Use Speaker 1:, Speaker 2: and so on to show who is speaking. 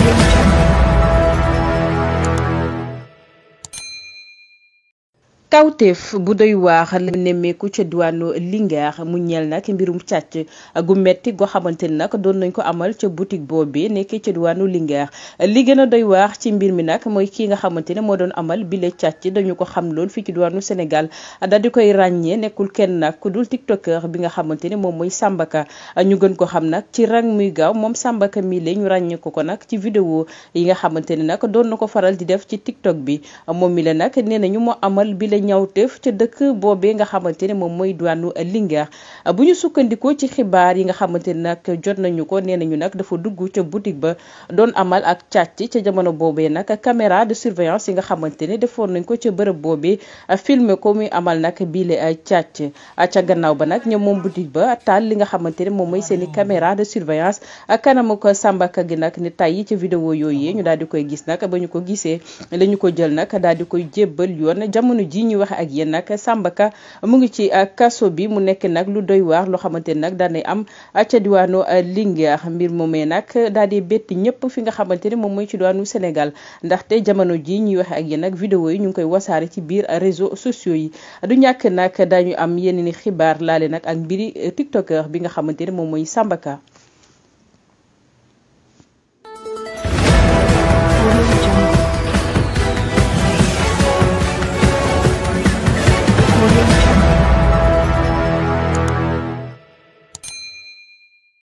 Speaker 1: Thank you. kawteef bu doy waax la nemmeeku ca diwaanu Linguère mu ñeel nag mbirum càcc gu metti goo xamante ni nag doon nañ ko amal ca boutique boobu nekkee ca diwaanu Linguère li gën a doy waax ci mbir mi nag mooy kii nga xamante ne moo doon amal bile càcc dañu ko xam lool fii ci diwaanu Sénégal daal di koy ràññee nekkul kenn nag ku dul tiktoker bi nga xamante ne moom mooy Sambaka ñu gën ko xam nag ci rang muy moom Sambaka mii la ñu ko nag ci vidéo yi nga xamante ne nag doon na ko faral di def ci tiktok bi moom mi la nag nee nañu moo amal bile ñawteef ca dëkk boobee nga xamante ne moom mooy diwaanu Linguère bu ñu sukkandikoo ci xibaar yi nga xamante ne nag jot nañu ko nee nañu nag dafa dugg ca boutique ba doon amal ak càcc ca jamono boobee nag caméra de surveillance yi nga xamante ne defoon nañ ko ca bërëb boobee filmer ko muy amal nag biile euh, càcc ca gannaaw ba nag ñoom moom boutique ba taal li nga xamante ne moom mooy seeni i de de surveillance kanamu ko sàmbaka gi nag ni tàyyi ca vidéo yooyu ñu daal di koy gis nag ba ñu ko gisee la ko jël nag daal di koy jébbal yoon jamono ji ñu waxe ak yéen nag sambaka mu ngi ci uh, kaso bi mu nekk nag lu doy waar loo xamante ni nag daanay am uh, ca diwaanu uh, Linguère mbir moomee nag daal di bett ñëpp fi nga xamante ne moom mooy ci diwaanu Sénégal ndaxte jamono ji ñuy waxe ak yéen nag vidéo yi ñu ngi koy wasaare ci biir réseau sociaux yi du ñàkk nag dañu am yeneen i xibaar laale nag ak mbiri tiktoker bi nga xamante ne moom mooy Samba